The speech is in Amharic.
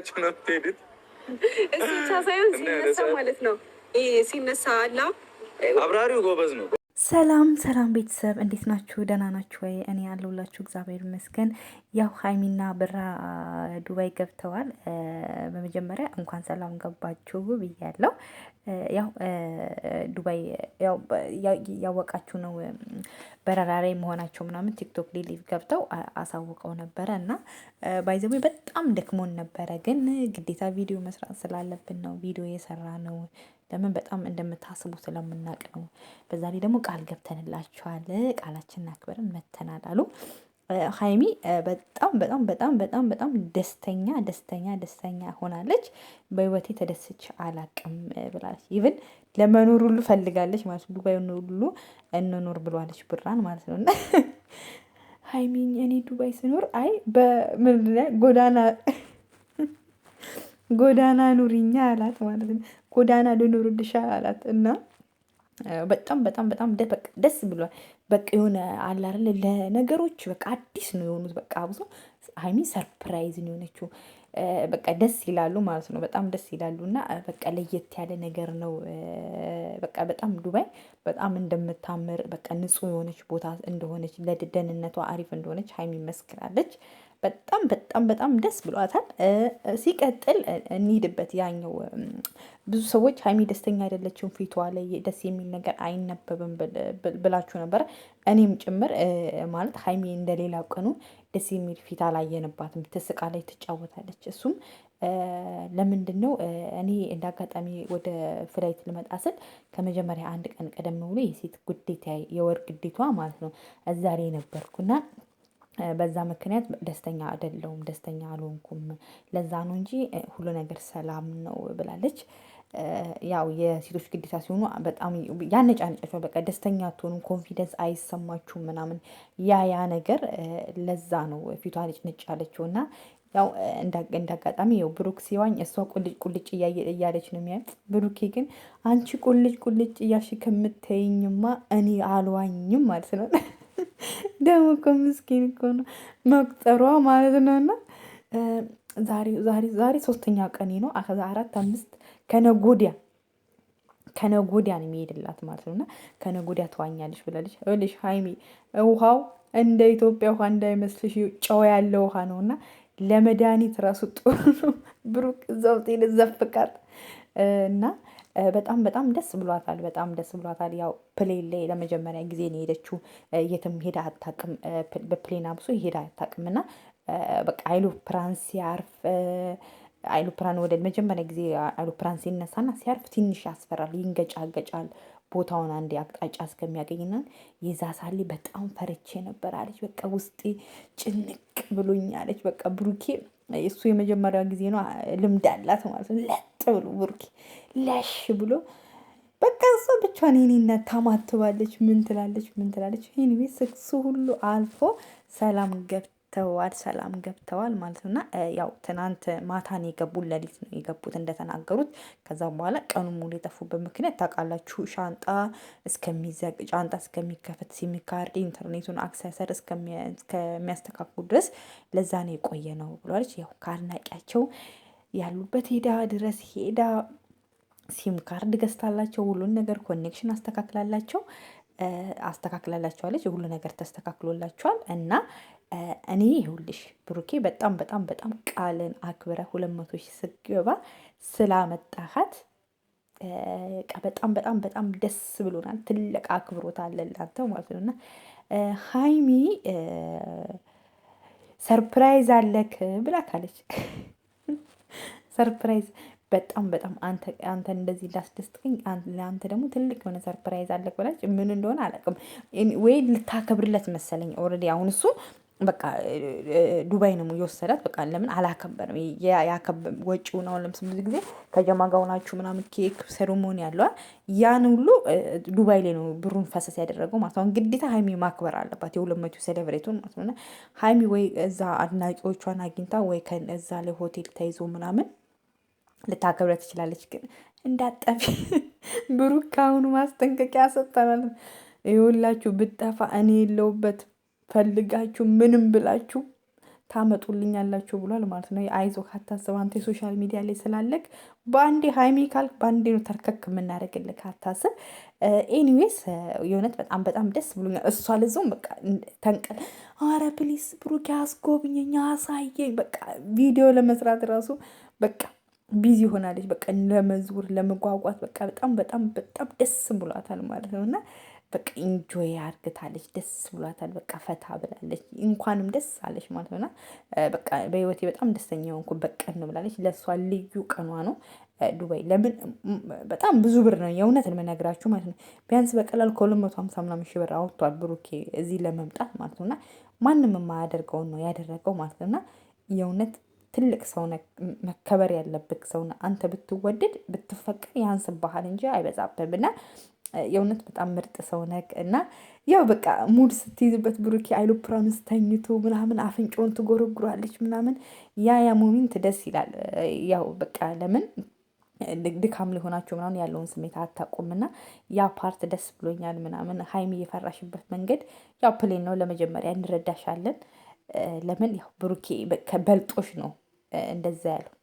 እየነሳችሁ ነው የምትሄዱት። እሱ ብቻ ሳይሆን ሲነሳ ማለት ነው ሲነሳ አላ አብራሪው ጎበዝ ነው። ሰላም ሰላም ቤተሰብ እንዴት ናችሁ? ደህና ናችሁ ወይ? እኔ ያለሁላችሁ እግዚአብሔር ይመስገን። ያው ሀይሚና ብራ ዱባይ ገብተዋል። በመጀመሪያ እንኳን ሰላም ገባችሁ ብያለሁ። ያው ዱባይ ያወቃችሁ ነው በረራ ላይ መሆናቸው ምናምን ቲክቶክ ሊሊቭ ገብተው አሳውቀው ነበረ እና ባይዘዌ በጣም ደክሞን ነበረ፣ ግን ግዴታ ቪዲዮ መስራት ስላለብን ነው ቪዲዮ የሰራ ነው ለምን በጣም እንደምታስቡ ስለምናቅ ነው። በዛ ላይ ደግሞ ቃል ገብተንላችኋል፣ ቃላችንን አክብረን መተናል አሉ። ሀይሚ በጣም በጣም በጣም በጣም በጣም ደስተኛ ደስተኛ ደስተኛ ሆናለች። በህይወቴ ተደስች አላቅም ብላለች። ኢቭን ለመኖር ሁሉ ፈልጋለች ማለት ነው። ዱባይ ሁሉ እንኖር ብሏለች ብራን ማለት ነው። እና ሀይሚ እኔ ዱባይ ስኖር አይ በምን ጎዳና ጎዳና ኑሪኛ አላት ማለት ነው። ጎዳና ልኑርልሻ አላት እና በጣም በጣም በጣም ደስ ብሏል። በቃ የሆነ አለ ለነገሮች በቃ አዲስ ነው የሆኑት። በቃ አብዞ ሀይሚ ሰርፕራይዝ ነው የሆነችው። በቃ ደስ ይላሉ ማለት ነው። በጣም ደስ ይላሉ እና በቃ ለየት ያለ ነገር ነው። በቃ በጣም ዱባይ በጣም እንደምታምር በቃ ንጹህ የሆነች ቦታ እንደሆነች ለደህንነቷ አሪፍ እንደሆነች ሀይሚ መስክራለች። በጣም በጣም በጣም ደስ ብሏታል። ሲቀጥል እንሂድበት ያኛው ብዙ ሰዎች ሀይሚ ደስተኛ አይደለችም፣ ፊቷ ላይ ደስ የሚል ነገር አይነበብም ብላችሁ ነበረ። እኔም ጭምር ማለት ሀይሚ እንደሌላው ቀኑ ደስ የሚል ፊት አላየንባትም። ትስቃ ላይ ትጫወታለች። እሱም ለምንድን ነው እኔ እንደ አጋጣሚ ወደ ፍላይት ልመጣ ስል ከመጀመሪያ አንድ ቀን ቀደም ብሎ የሴት ግዴታ የወር ግዴቷ ማለት ነው እዛ ላይ ነበርኩና በዛ ምክንያት ደስተኛ አይደለሁም ደስተኛ አልሆንኩም ለዛ ነው እንጂ ሁሉ ነገር ሰላም ነው ብላለች። ያው የሴቶች ግዴታ ሲሆኑ በጣም ያነጫንጫቸዋል በቃ ደስተኛ አትሆኑም ኮንፊደንስ አይሰማችሁም ምናምን ያ ያ ነገር ለዛ ነው ፊቷ ነጭነጭ ያለችው እና ያው እንዳጋጣሚ ው ብሩክ ሲዋኝ እሷ ቁልጭ ቁልጭ እያለች ነው የሚያዩት። ብሩኬ ግን አንቺ ቁልጭ ቁልጭ እያልሽ ከምትይኝማ እኔ አልዋኝም ማለት ነው። ደግሞ እኮ ምስኪን እኮ ነው መቁጠሯ ማለት ነው። እና ዛሬ ሶስተኛ ቀኔ ነው። ከዛ አራት አምስት ከነጎዲያ ከነጎዲያ ነው የሚሄድላት ማለት ነው። እና ከነጎዲያ ተዋኛለች ብላለች። ይኸውልሽ ሀይሚ ውሃው እንደ ኢትዮጵያ ውሃ እንዳይመስልሽ ጨው ያለ ውሃ ነው እና ለመድኃኒት ራሱ ጥሩ ነው። ብሩክ እዛው ጤል ዘፍቃት እና በጣም በጣም ደስ ብሏታል። በጣም ደስ ብሏታል። ያው ፕሌን ላይ ለመጀመሪያ ጊዜ ነው የሄደችው። የትም ሄዳ አታውቅም። በፕሌን አብሶ ሄዳ አታውቅም እና በቃ አይሎፕራን ሲያርፍ አይሎፕራን ወደ መጀመሪያ ጊዜ አይሎፕራን ሲነሳና ሲያርፍ ትንሽ ያስፈራል፣ ይንገጫገጫል ቦታውን አንድ አቅጣጫ እስከሚያገኝና የዛ ሳሌ በጣም ፈርቼ ነበር አለች። በቃ ውስጤ ጭንቅ ብሎኛለች። በቃ ብሩኬ እሱ የመጀመሪያ ጊዜ ነው። ልምድ አላት ማለት ነው። ለጥ ብሎ ቡርኪ ለሽ ብሎ በቃ እሷ ብቻዋን የኔ እናት ታማትባለች። ምን ትላለች? ምን ትላለች? ይህን ቤት ስክሱ ሁሉ አልፎ ሰላም ገብ ተዋድ ሰላም ገብተዋል ማለት ነው። እና ያው ትናንት ማታን የገቡ ሌሊት ነው የገቡት እንደተናገሩት። ከዛ በኋላ ቀኑ ሙሉ የጠፉበት ምክንያት ታውቃላችሁ፣ ሻንጣ እስከሚዘግ ሻንጣ እስከሚከፈት ሲም ካርድ ኢንተርኔቱን አክሰሰር እስከሚያስተካክሉ ድረስ ለዛ ነው የቆየ ነው ብሏለች። ያው ከአድናቂያቸው ያሉበት ሄዳ ድረስ ሄዳ ሲም ካርድ ገዝታላቸው ሁሉን ነገር ኮኔክሽን አስተካክላላቸው አስተካክላላቸዋለች። ሁሉ ነገር ተስተካክሎላቸዋል እና እኔ ይኸውልሽ ብሩኬ በጣም በጣም በጣም ቃልን አክብረ ሁለት መቶ ሺህ ስገባ ስላመጣሃት በጣም በጣም በጣም ደስ ብሎናል። ትልቅ አክብሮት አለን ላንተ ማለት ነው። እና ሀይሚ ሰርፕራይዝ አለክ ብላ ካለች ሰርፕራይዝ በጣም በጣም አንተ እንደዚህ እንዳስደስትክኝ ለአንተ ደግሞ ትልቅ የሆነ ሰርፕራይዝ አለክ ብላች ምን እንደሆነ አላውቅም። ወይ ልታከብርለት መሰለኝ ኦልሬዲ አሁን እሱ በቃ ዱባይ ነው የወሰዳት። በቃ ለምን አላከበርም? ወጪውን ነው ለምስ ብዙ ጊዜ ከጀማ ጋር ሆናችሁ ምናምን ኬክ ሴሪሞኒ ያለዋል። ያን ሁሉ ዱባይ ላይ ነው ብሩን ፈሰስ ያደረገው ማለት ነው። ግዴታ ሀይሚ ማክበር አለባት የሁለት መቶ ሴሌብሬቱን ማለት ነው። ሀይሚ ወይ እዛ አድናቂዎቿን አግኝታ ወይ ከዛ ላይ ሆቴል ተይዞ ምናምን ልታከብረ ትችላለች። ግን እንዳጠፊ ብሩክ ከአሁኑ ማስጠንቀቂያ ሰጠናል። ይኸውላችሁ ብጠፋ እኔ የለውበት ፈልጋችሁ ምንም ብላችሁ ታመጡልኛላችሁ ብሏል ማለት ነው። አይዞህ አታስብ፣ አንተ የሶሻል ሚዲያ ላይ ስላለክ በአንዴ ሃይሚ ካልክ በአንዴ ነው ተርከክ የምናደርግልክ፣ አታስብ። ኤኒዌይስ የእውነት በጣም በጣም ደስ ብሎኛል። እሷ ለዚውም በቃ ተንቀል አረ ፕሊስ ብሩክ አስጎብኘኝ፣ አሳየኝ። በቃ ቪዲዮ ለመስራት ራሱ በቃ ቢዚ ሆናለች። በቃ ለመዝውር ለመጓጓት በቃ በጣም በጣም በጣም ደስ ብሏታል ማለት ነው እና በቃ ኢንጆይ አርግታለች፣ ደስ ብሏታል፣ በቃ ፈታ ብላለች። እንኳንም ደስ አለች ማለት ነውና በቃ በህይወቴ በጣም ደስተኛ ሆንኩ በቀን ነው ብላለች። ለእሷ ልዩ ቀኗ ነው ዱባይ። ለምን በጣም ብዙ ብር ነው የእውነት ልመነግራችሁ ማለት ነው። ቢያንስ በቀላል ከሁለት መቶ ሀምሳ ምናምን ሺህ ብር አወጥቷል ብሩኬ እዚህ ለመምጣት ማለት ነውና ማንም የማያደርገውን ነው ያደረገው ማለት ነውና የእውነት ትልቅ ሰው መከበር ያለብህ ሰው አንተ ብትወደድ ብትፈቅር ባህል እንጂ አይበዛብህም እና የእውነት በጣም ምርጥ ሰው ነህ እና ያው በቃ ሙድ ስትይዝበት ብሩኬ አይሎፕራኑስ ተኝቶ ምናምን አፍንጫውን ትጎረጉራለች ምናምን ያ ያ ሞሚንት ደስ ይላል። ያው በቃ ለምን ድካም ሊሆናቸው ምናምን ያለውን ስሜት አታውቁምና ያ ፓርት ደስ ብሎኛል ምናምን። ሀይሚ የፈራሽበት መንገድ ያው ፕሌን ነው ለመጀመሪያ እንረዳሻለን። ለምን ያው ብሩኬ በልጦሽ ነው እንደዛ ያለው